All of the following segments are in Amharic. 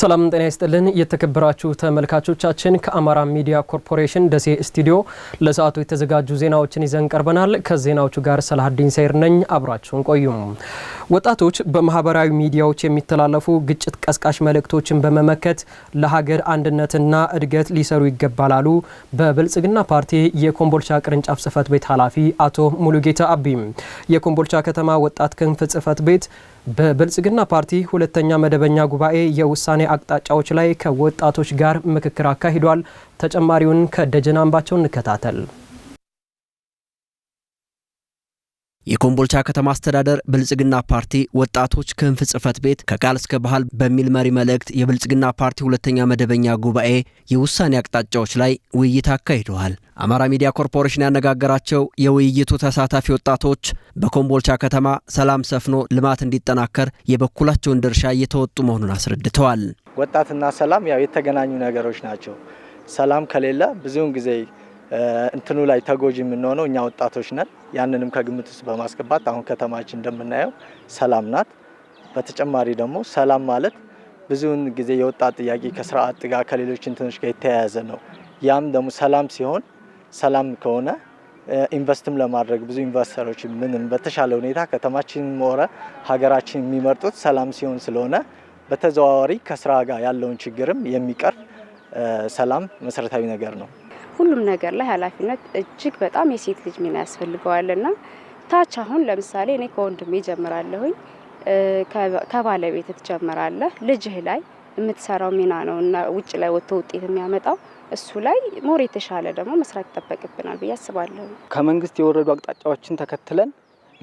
ሰላም ጤና ይስጥልን። የተከበራችሁ ተመልካቾቻችን ከአማራ ሚዲያ ኮርፖሬሽን ደሴ ስቱዲዮ ለሰዓቱ የተዘጋጁ ዜናዎችን ይዘን ቀርበናል። ከዜናዎቹ ጋር ሰላሀዲን ሰይር ነኝ። አብራችሁን ቆዩም። ወጣቶች በማህበራዊ ሚዲያዎች የሚተላለፉ ግጭት ቀስቃሽ መልእክቶችን በመመከት ለሀገር አንድነትና እድገት ሊሰሩ ይገባል አሉ በብልጽግና ፓርቲ የኮምቦልቻ ቅርንጫፍ ጽህፈት ቤት ኃላፊ አቶ ሙሉጌታ አቢም። የኮምቦልቻ ከተማ ወጣት ክንፍ ጽህፈት ቤት በብልጽግና ፓርቲ ሁለተኛ መደበኛ ጉባኤ የውሳኔ አቅጣጫዎች ላይ ከወጣቶች ጋር ምክክር አካሂዷል። ተጨማሪውን ከደጀን አምባቸው እንከታተል። የኮምቦልቻ ከተማ አስተዳደር ብልጽግና ፓርቲ ወጣቶች ክንፍ ጽህፈት ቤት ከቃል እስከ ባህል በሚል መሪ መልእክት የብልጽግና ፓርቲ ሁለተኛ መደበኛ ጉባኤ የውሳኔ አቅጣጫዎች ላይ ውይይት አካሂደዋል። አማራ ሚዲያ ኮርፖሬሽን ያነጋገራቸው የውይይቱ ተሳታፊ ወጣቶች በኮምቦልቻ ከተማ ሰላም ሰፍኖ ልማት እንዲጠናከር የበኩላቸውን ድርሻ እየተወጡ መሆኑን አስረድተዋል። ወጣትና ሰላም ያው የተገናኙ ነገሮች ናቸው። ሰላም ከሌለ ብዙውን ጊዜ እንትኑ ላይ ተጎጂ የምንሆነው እኛ ወጣቶች ነን። ያንንም ከግምት ውስጥ በማስገባት አሁን ከተማችን እንደምናየው ሰላም ናት። በተጨማሪ ደግሞ ሰላም ማለት ብዙውን ጊዜ የወጣት ጥያቄ ከስርዓት ጋር ከሌሎች እንትኖች ጋር የተያያዘ ነው። ያም ደግሞ ሰላም ሲሆን ሰላም ከሆነ ኢንቨስትም ለማድረግ ብዙ ኢንቨስተሮች ምንም በተሻለ ሁኔታ ከተማችን ሆነ ሀገራችን የሚመርጡት ሰላም ሲሆን ስለሆነ በተዘዋዋሪ ከስራ ጋር ያለውን ችግርም የሚቀር ሰላም መሰረታዊ ነገር ነው። ሁሉም ነገር ላይ ኃላፊነት እጅግ በጣም የሴት ልጅ ሚና እና ታች አሁን ለምሳሌ እኔ ከወንድሜ ጀምራለሁኝ፣ ከባለቤት ትጀምራለህ። ልጅህ ላይ የምትሰራው ሚና ነው እና ውጭ ላይ ወጥቶ ውጤት የሚያመጣው እሱ ላይ ሞር የተሻለ ደግሞ መስራት ይጠበቅብናል ብዬ አስባለሁ። ከመንግስት የወረዱ አቅጣጫዎችን ተከትለን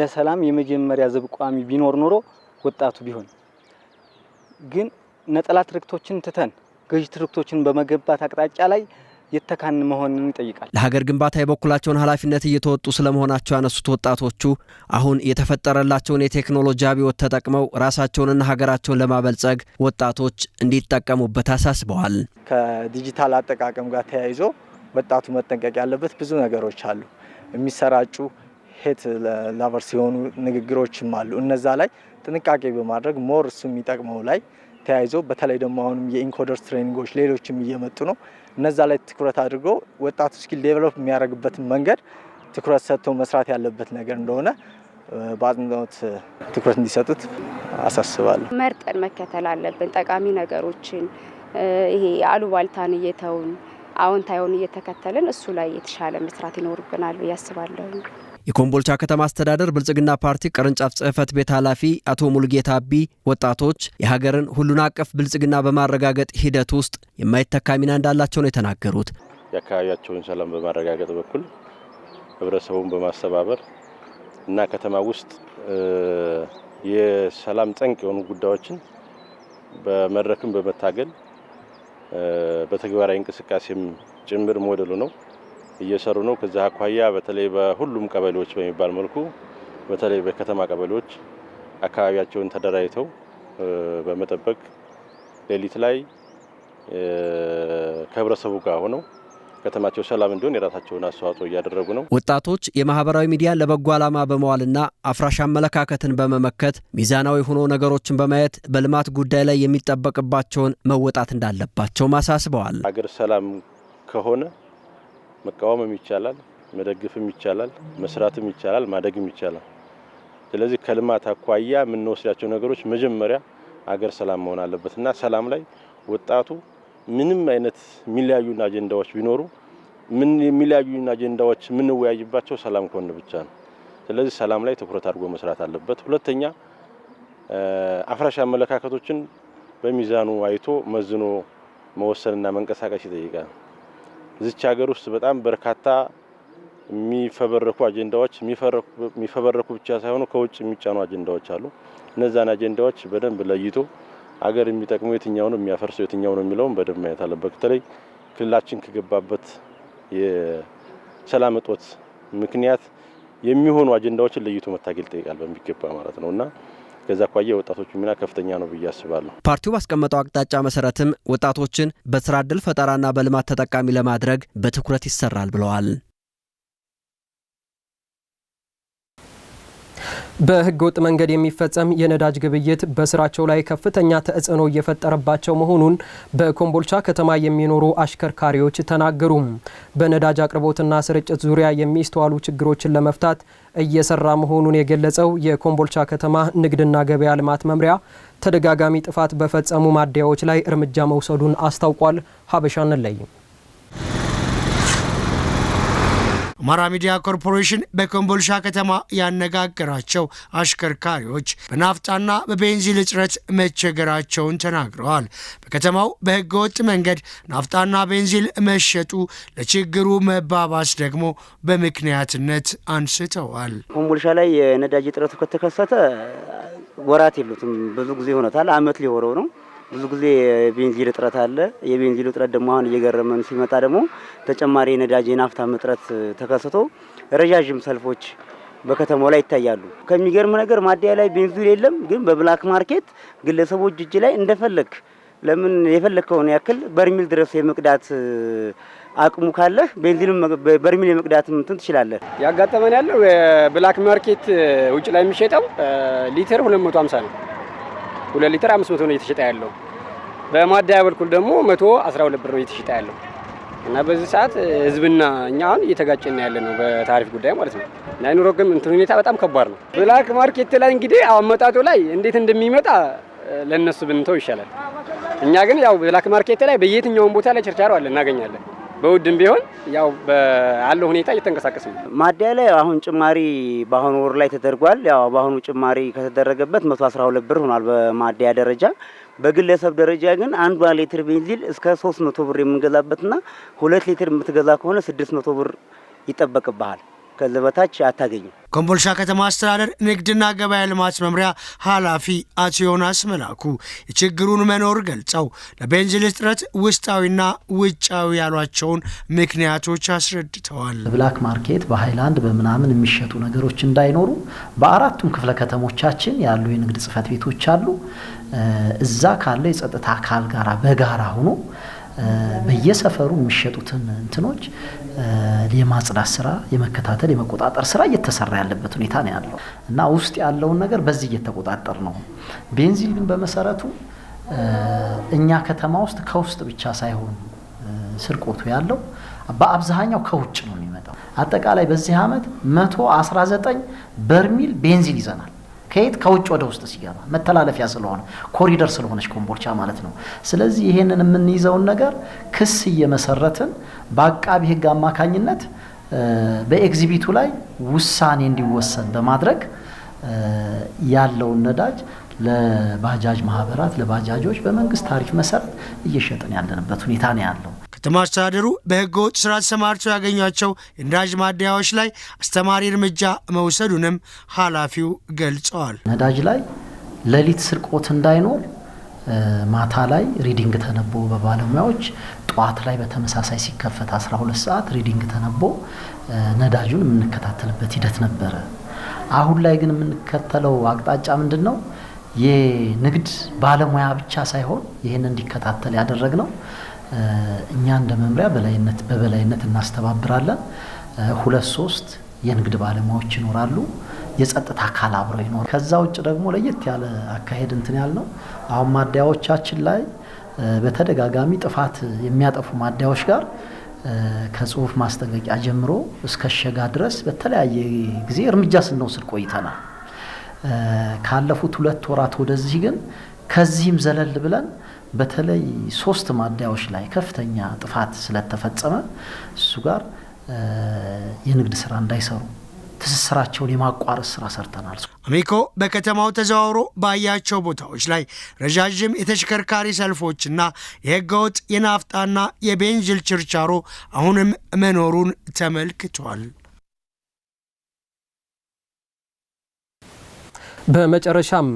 ለሰላም የመጀመሪያ ዘብ ቋሚ ቢኖር ኖሮ ወጣቱ ቢሆን ግን ነጠላ ትርክቶችን ትተን ገዥ ትርክቶችን በመገንባት አቅጣጫ ላይ የተካን መሆንን ይጠይቃል። ለሀገር ግንባታ የበኩላቸውን ኃላፊነት እየተወጡ ስለመሆናቸው ያነሱት ወጣቶቹ አሁን የተፈጠረላቸውን የቴክኖሎጂ አብዮት ተጠቅመው ራሳቸውንና ሀገራቸውን ለማበልጸግ ወጣቶች እንዲጠቀሙበት አሳስበዋል። ከዲጂታል አጠቃቀም ጋር ተያይዞ ወጣቱ መጠንቀቅ ያለበት ብዙ ነገሮች አሉ። የሚሰራጩ ሄት ላቨርስ ሲሆኑ ንግግሮችም አሉ። እነዛ ላይ ጥንቃቄ በማድረግ ሞር እሱ የሚጠቅመው ላይ ተያይዘው በተለይ ደግሞ አሁንም የኢንኮደርስ ትሬኒንጎች ሌሎችም እየመጡ ነው። እነዛ ላይ ትኩረት አድርጎ ወጣቱ ስኪል ዴቨሎፕ የሚያደርግበትን መንገድ ትኩረት ሰጥቶ መስራት ያለበት ነገር እንደሆነ በአጽንኦት ትኩረት እንዲሰጡት አሳስባለሁ። መርጠን መከተል አለብን። ጠቃሚ ነገሮችን ይሄ አሉባልታን እየተውን አዎንታዊውን እየተከተልን እሱ ላይ የተሻለ መስራት ይኖርብናል ብዬ አስባለሁ። የኮምቦልቻ ከተማ አስተዳደር ብልጽግና ፓርቲ ቅርንጫፍ ጽህፈት ቤት ኃላፊ አቶ ሙልጌታ አቢ ወጣቶች የሀገርን ሁሉን አቀፍ ብልጽግና በማረጋገጥ ሂደት ውስጥ የማይተካ ሚና እንዳላቸው ነው የተናገሩት። የአካባቢያቸውን ሰላም በማረጋገጥ በኩል ህብረተሰቡን በማስተባበር እና ከተማ ውስጥ የሰላም ጠንቅ የሆኑ ጉዳዮችን በመድረክም በመታገል በተግባራዊ እንቅስቃሴም ጭምር ሞዴሉ ነው። እየሰሩ ነው። ከዚህ አኳያ በተለይ በሁሉም ቀበሌዎች በሚባል መልኩ በተለይ በከተማ ቀበሌዎች አካባቢያቸውን ተደራጅተው በመጠበቅ ሌሊት ላይ ከህብረተሰቡ ጋር ሆነው ከተማቸው ሰላም እንዲሆን የራሳቸውን አስተዋጽኦ እያደረጉ ነው። ወጣቶች የማህበራዊ ሚዲያ ለበጎ ዓላማ በመዋልና አፍራሽ አመለካከትን በመመከት ሚዛናዊ ሆኖ ነገሮችን በማየት በልማት ጉዳይ ላይ የሚጠበቅባቸውን መወጣት እንዳለባቸው አሳስበዋል። ሀገር ሰላም ከሆነ መቃወምም ይቻላል፣ መደግፍም ይቻላል፣ መስራትም ይቻላል፣ ማደግም ይቻላል። ስለዚህ ከልማት አኳያ የምንወስዳቸው ነገሮች መጀመሪያ አገር ሰላም መሆን አለበት እና ሰላም ላይ ወጣቱ ምንም አይነት የሚለያዩን አጀንዳዎች ቢኖሩ ምን የሚለያዩን አጀንዳዎች የምንወያይባቸው ሰላም ከሆነ ብቻ ነው። ስለዚህ ሰላም ላይ ትኩረት አድርጎ መስራት አለበት። ሁለተኛ አፍራሽ አመለካከቶችን በሚዛኑ አይቶ መዝኖ መወሰንና መንቀሳቀስ ይጠይቃል። እዚች ሀገር ውስጥ በጣም በርካታ የሚፈበረኩ አጀንዳዎች የሚፈበረኩ ብቻ ሳይሆኑ ከውጭ የሚጫኑ አጀንዳዎች አሉ። እነዛን አጀንዳዎች በደንብ ለይቶ አገር የሚጠቅመው የትኛው ነው፣ የሚያፈርሰው የትኛው ነው የሚለውን በደንብ ማየት አለበት። በተለይ ክልላችን ከገባበት የሰላም እጦት ምክንያት የሚሆኑ አጀንዳዎችን ለይቶ መታገል ይጠይቃል በሚገባ ማለት ነው እና ከዛ አኳያ የወጣቶቹ ሚና ከፍተኛ ነው ብዬ አስባለሁ። ፓርቲው ባስቀመጠው አቅጣጫ መሰረትም ወጣቶችን በስራ እድል ፈጠራና በልማት ተጠቃሚ ለማድረግ በትኩረት ይሰራል ብለዋል። በህገወጥ መንገድ የሚፈጸም የነዳጅ ግብይት በስራቸው ላይ ከፍተኛ ተጽዕኖ እየፈጠረባቸው መሆኑን በኮምቦልቻ ከተማ የሚኖሩ አሽከርካሪዎች ተናገሩ። በነዳጅ አቅርቦትና ስርጭት ዙሪያ የሚስተዋሉ ችግሮችን ለመፍታት እየሰራ መሆኑን የገለጸው የኮምቦልቻ ከተማ ንግድና ገበያ ልማት መምሪያ ተደጋጋሚ ጥፋት በፈጸሙ ማደያዎች ላይ እርምጃ መውሰዱን አስታውቋል። ሀበሻ ነለይ አማራ ሚዲያ ኮርፖሬሽን በኮምቦልሻ ከተማ ያነጋገራቸው አሽከርካሪዎች በናፍጣና በቤንዚን እጥረት መቸገራቸውን ተናግረዋል። በከተማው በህገወጥ መንገድ ናፍጣና ቤንዚን መሸጡ ለችግሩ መባባስ ደግሞ በምክንያትነት አንስተዋል። ኮምቦልሻ ላይ የነዳጅ እጥረቱ ከተከሰተ ወራት የሉትም፣ ብዙ ጊዜ ሆነታል። አመት ሊሆነው ነው ብዙ ጊዜ የቤንዚን እጥረት አለ። የቤንዚን እጥረት ደግሞ አሁን እየገረመን ሲመጣ ደግሞ ተጨማሪ የነዳጅ የናፍታ እጥረት ተከስቶ ረዣዥም ሰልፎች በከተማው ላይ ይታያሉ። ከሚገርም ነገር ማደያ ላይ ቤንዚን የለም፣ ግን በብላክ ማርኬት ግለሰቦች እጅ ላይ እንደፈለግ ለምን የፈለግከውን ያክል በርሚል ድረስ የመቅዳት አቅሙ ካለህ ቤንዚንም በርሚል የመቅዳት እንትን ትችላለህ። ያጋጠመን ያለው የብላክ ማርኬት ውጭ ላይ የሚሸጠው ሊትር 250 ነው። ሁለት ሊትር አምስት መቶ ነው እየተሸጠ ያለው። በማደያ በኩል ደግሞ መቶ አስራ ሁለት ብር ነው እየተሸጠ ያለው እና በዚህ ሰዓት ህዝብና እኛ አሁን እየተጋጨን ያለ ነው በታሪፍ ጉዳይ ማለት ነው። እና ኑሮ ግን እንትን ሁኔታ በጣም ከባድ ነው። ብላክ ማርኬት ላይ እንግዲህ አመጣጡ ላይ እንዴት እንደሚመጣ ለእነሱ ብንተው ይሻላል። እኛ ግን ያው ብላክ ማርኬት ላይ በየትኛውም ቦታ ላይ ቸርቻሮ አለ እናገኛለን። በውድም ቢሆን ያው ያለው ሁኔታ እየተንቀሳቀስ ነው። ማደያ ላይ አሁን ጭማሪ በአሁኑ ወር ላይ ተደርጓል። ያው በአሁኑ ጭማሪ ከተደረገበት 112 ብር ሆኗል በማደያ ደረጃ። በግለሰብ ደረጃ ግን አንዷ ሊትር ቤንዚል እስከ 300 ብር የምንገዛበትና ሁለት ሊትር የምትገዛ ከሆነ 600 ብር ይጠበቅብሃል። ከዚህ በታች አታገኝም። ኮምቦልቻ ከተማ አስተዳደር ንግድና ገበያ ልማት መምሪያ ኃላፊ አቶ ዮናስ መላኩ የችግሩን መኖር ገልጸው ለቤንዚን እጥረት ውስጣዊና ውጫዊ ያሏቸውን ምክንያቶች አስረድተዋል። ብላክ ማርኬት በሀይላንድ በምናምን የሚሸጡ ነገሮች እንዳይኖሩ በአራቱም ክፍለ ከተሞቻችን ያሉ የንግድ ጽህፈት ቤቶች አሉ። እዛ ካለው የጸጥታ አካል ጋራ በጋራ ሆኖ በየሰፈሩ የሚሸጡትን እንትኖች የማጽዳት ስራ፣ የመከታተል የመቆጣጠር ስራ እየተሰራ ያለበት ሁኔታ ነው ያለው እና ውስጥ ያለውን ነገር በዚህ እየተቆጣጠር ነው። ቤንዚን ግን በመሰረቱ እኛ ከተማ ውስጥ ከውስጥ ብቻ ሳይሆን ስርቆቱ ያለው በአብዛኛው ከውጭ ነው የሚመጣው። አጠቃላይ በዚህ ዓመት 119 በርሚል ቤንዚን ይዘናል። ከየት ከውጭ ወደ ውስጥ ሲገባ መተላለፊያ ስለሆነ ኮሪደር ስለሆነች ኮምቦልቻ ማለት ነው። ስለዚህ ይሄንን የምንይዘውን ነገር ክስ እየመሰረትን በአቃቢ ሕግ አማካኝነት በኤግዚቢቱ ላይ ውሳኔ እንዲወሰን በማድረግ ያለውን ነዳጅ ለባጃጅ ማህበራት፣ ለባጃጆች በመንግስት ታሪፍ መሰረት እየሸጥን ያለንበት ሁኔታ ነው ያለው። ከተማ አስተዳደሩ በህገ ወጥ ስራ ተሰማርተው ያገኟቸው የነዳጅ ማደያዎች ላይ አስተማሪ እርምጃ መውሰዱንም ኃላፊው ገልጸዋል። ነዳጅ ላይ ሌሊት ስርቆት እንዳይኖር ማታ ላይ ሪዲንግ ተነቦ በባለሙያዎች ጠዋት ላይ በተመሳሳይ ሲከፈት 12 ሰዓት ሪዲንግ ተነቦ ነዳጁን የምንከታተልበት ሂደት ነበረ። አሁን ላይ ግን የምንከተለው አቅጣጫ ምንድን ነው? የንግድ ባለሙያ ብቻ ሳይሆን ይህን እንዲከታተል ያደረግ ነው እኛ እንደ መምሪያ በላይነት በበላይነት እናስተባብራለን። ሁለት ሶስት የንግድ ባለሙያዎች ይኖራሉ። የጸጥታ አካል አብረው ይኖራል። ከዛ ውጭ ደግሞ ለየት ያለ አካሄድ እንትን ያል ነው። አሁን ማደያዎቻችን ላይ በተደጋጋሚ ጥፋት የሚያጠፉ ማደያዎች ጋር ከጽሁፍ ማስጠንቀቂያ ጀምሮ እስከ እሸጋ ድረስ በተለያየ ጊዜ እርምጃ ስንወስድ ቆይተናል። ካለፉት ሁለት ወራት ወደዚህ ግን ከዚህም ዘለል ብለን በተለይ ሶስት ማደያዎች ላይ ከፍተኛ ጥፋት ስለተፈጸመ እሱ ጋር የንግድ ስራ እንዳይሰሩ ትስስራቸውን የማቋረጥ ስራ ሰርተናል። አሚኮ በከተማው ተዘዋውሮ ባያቸው ቦታዎች ላይ ረዣዥም የተሽከርካሪ ሰልፎችና የህገወጥ የናፍጣና የቤንዚል ችርቻሮ አሁንም መኖሩን ተመልክቷል። በመጨረሻም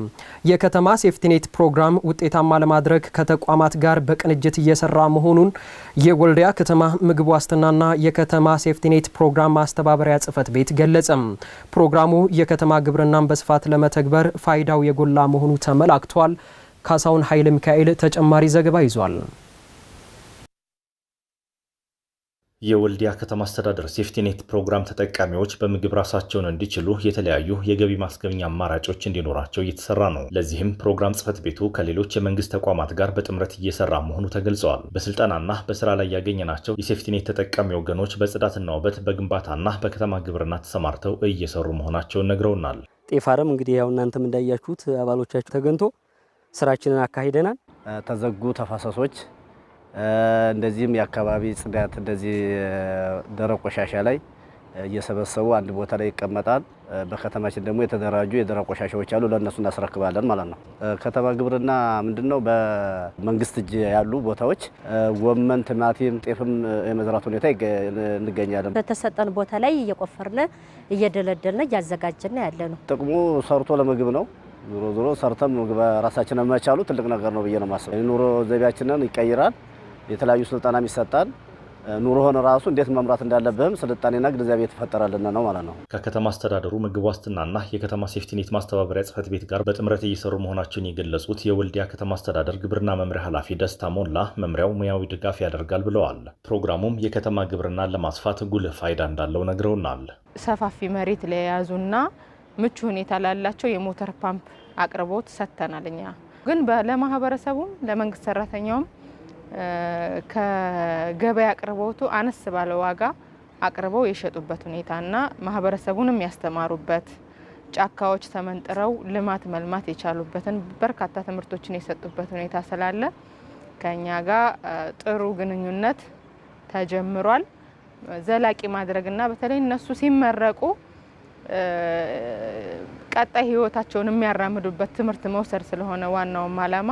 የከተማ ሴፍቲኔት ፕሮግራም ውጤታማ ለማድረግ ከተቋማት ጋር በቅንጅት እየሰራ መሆኑን የወልዲያ ከተማ ምግብ ዋስትናና የከተማ ሴፍቲኔት ፕሮግራም ማስተባበሪያ ጽህፈት ቤት ገለጸም። ፕሮግራሙ የከተማ ግብርናን በስፋት ለመተግበር ፋይዳው የጎላ መሆኑ ተመላክቷል። ካሳሁን ኃይለ ሚካኤል ተጨማሪ ዘገባ ይዟል። የወልዲያ ከተማ አስተዳደር ሴፍቲኔት ፕሮግራም ተጠቃሚዎች በምግብ ራሳቸውን እንዲችሉ የተለያዩ የገቢ ማስገኛ አማራጮች እንዲኖራቸው እየተሰራ ነው። ለዚህም ፕሮግራም ጽፈት ቤቱ ከሌሎች የመንግስት ተቋማት ጋር በጥምረት እየሰራ መሆኑ ተገልጸዋል። በስልጠናና በስራ ላይ ያገኘናቸው የሴፍቲኔት ተጠቃሚ ወገኖች በጽዳትና ውበት፣ በግንባታና በከተማ ግብርና ተሰማርተው እየሰሩ መሆናቸውን ነግረውናል። ጤፋረም እንግዲህ ያው እናንተም እንዳያችሁት አባሎቻችሁ ተገንቶ ስራችንን አካሂደናል። ተዘጉ ተፋሰሶች እንደዚህም የአካባቢ ጽዳት እንደዚህ ደረቅ ቆሻሻ ላይ እየሰበሰቡ አንድ ቦታ ላይ ይቀመጣል። በከተማችን ደግሞ የተደራጁ የደረቅ ቆሻሻዎች አሉ። ለእነሱ እናስረክባለን ማለት ነው። ከተማ ግብርና ምንድን ነው? በመንግስት እጅ ያሉ ቦታዎች ጎመን፣ ቲማቲም፣ ጤፍም የመዝራት ሁኔታ እንገኛለን። በተሰጠን ቦታ ላይ እየቆፈርን እየደለደልን እያዘጋጀን ያለ ነው። ጥቅሙ ሰርቶ ለምግብ ነው። ዞሮ ዞሮ ሰርተን ምግብ ራሳችንን መቻሉ ትልቅ ነገር ነው ብዬ ነው ማስበው። ኑሮ ዘይቤያችንን ይቀይራል። የተለያዩ ስልጠናም ይሰጣል። ኑሮህን ራሱ እንዴት መምራት እንዳለብህም ስልጣኔና ግንዛቤ የተፈጠረልን ነው ማለት ነው። ከከተማ አስተዳደሩ ምግብ ዋስትናና የከተማ ሴፍቲኔት ማስተባበሪያ ጽሕፈት ቤት ጋር በጥምረት እየሰሩ መሆናቸውን የገለጹት የወልዲያ ከተማ አስተዳደር ግብርና መምሪያ ኃላፊ ደስታ ሞላ መምሪያው ሙያዊ ድጋፍ ያደርጋል ብለዋል። ፕሮግራሙም የከተማ ግብርናን ለማስፋት ጉልህ ፋይዳ እንዳለው ነግረውናል። ሰፋፊ መሬት ለያዙና ምቹ ሁኔታ ላላቸው የሞተር ፓምፕ አቅርቦት ሰጥተናል። እኛ ግን ለማህበረሰቡም ለመንግስት ሰራተኛውም ከገበያ አቅርቦቱ አነስ ባለ ዋጋ አቅርበው የሸጡበት ሁኔታና ማህበረሰቡንም ያስተማሩበት ጫካዎች ተመንጥረው ልማት መልማት የቻሉበትን በርካታ ትምህርቶችን የሰጡበት ሁኔታ ስላለ ከኛ ጋር ጥሩ ግንኙነት ተጀምሯል። ዘላቂ ማድረግና በተለይ እነሱ ሲመረቁ ቀጣይ ህይወታቸውን የሚያራምዱበት ትምህርት መውሰድ ስለሆነ ዋናውም አላማ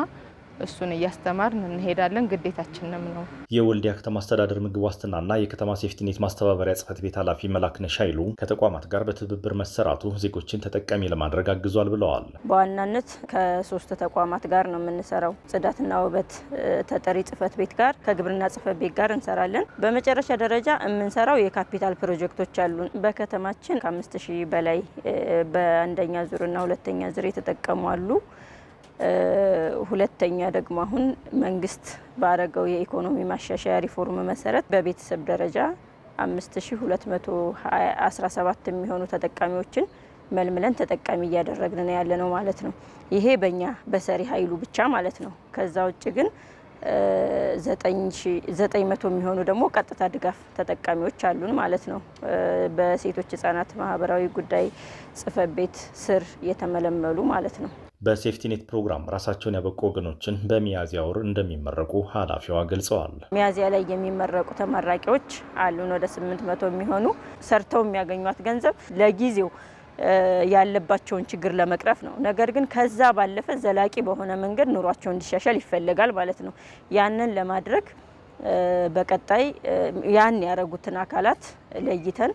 እሱን እያስተማርን እንሄዳለን። ግዴታችንም ነው። የወልዲያ ከተማ አስተዳደር ምግብ ዋስትናና የከተማ ሴፍቲኔት ማስተባበሪያ ጽፈት ቤት ኃላፊ መላክነሽ ኃይሉ ከተቋማት ጋር በትብብር መሰራቱ ዜጎችን ተጠቃሚ ለማድረግ አግዟል ብለዋል። በዋናነት ከሶስት ተቋማት ጋር ነው የምንሰራው። ጽዳትና ውበት ተጠሪ ጽህፈት ቤት ጋር፣ ከግብርና ጽሕፈት ቤት ጋር እንሰራለን። በመጨረሻ ደረጃ የምንሰራው የካፒታል ፕሮጀክቶች አሉ። በከተማችን ከአምስት ሺህ በላይ በአንደኛ ዙርና ሁለተኛ ዙር የተጠቀሙ አሉ። ሁለተኛ ደግሞ አሁን መንግስት ባረገው የኢኮኖሚ ማሻሻያ ሪፎርም መሰረት በቤተሰብ ደረጃ 5217 የሚሆኑ ተጠቃሚዎችን መልምለን ተጠቃሚ እያደረግን ነው ያለ ነው ማለት ነው። ይሄ በእኛ በሰሪ ኃይሉ ብቻ ማለት ነው። ከዛ ውጭ ግን 900 የሚሆኑ ደግሞ ቀጥታ ድጋፍ ተጠቃሚዎች አሉን ማለት ነው። በሴቶች ህጻናት ማህበራዊ ጉዳይ ጽፈት ቤት ስር የተመለመሉ ማለት ነው። በሴፍቲኔት ፕሮግራም ራሳቸውን ያበቁ ወገኖችን በሚያዝያ ወር እንደሚመረቁ ኃላፊዋ ገልጸዋል። ሚያዝያ ላይ የሚመረቁ ተመራቂዎች አሉን ወደ 800 መቶ የሚሆኑ ሰርተው የሚያገኟት ገንዘብ ለጊዜው ያለባቸውን ችግር ለመቅረፍ ነው። ነገር ግን ከዛ ባለፈ ዘላቂ በሆነ መንገድ ኑሯቸው እንዲሻሻል ይፈለጋል ማለት ነው። ያንን ለማድረግ በቀጣይ ያን ያደረጉትን አካላት ለይተን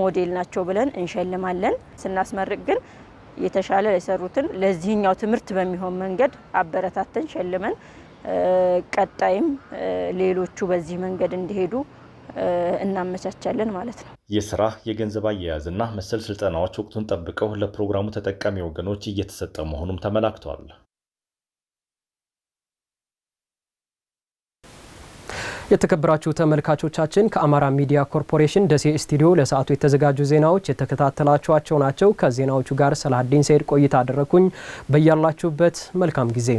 ሞዴል ናቸው ብለን እንሸልማለን። ስናስመርቅ ግን የተሻለ የሰሩትን ለዚህኛው ትምህርት በሚሆን መንገድ አበረታተን ሸልመን ቀጣይም ሌሎቹ በዚህ መንገድ እንዲሄዱ እናመቻቻለን ማለት ነው። የስራ የገንዘብ አያያዝና መሰል ስልጠናዎች ወቅቱን ጠብቀው ለፕሮግራሙ ተጠቃሚ ወገኖች እየተሰጠ መሆኑም ተመላክቷል። የተከበራችሁ ተመልካቾቻችን ከአማራ ሚዲያ ኮርፖሬሽን ደሴ ስቱዲዮ ለሰዓቱ የተዘጋጁ ዜናዎች የተከታተላችኋቸው ናቸው። ከዜናዎቹ ጋር ሰላሀዲን ሰይድ ቆይታ አደረግኩኝ። በያላችሁበት መልካም ጊዜ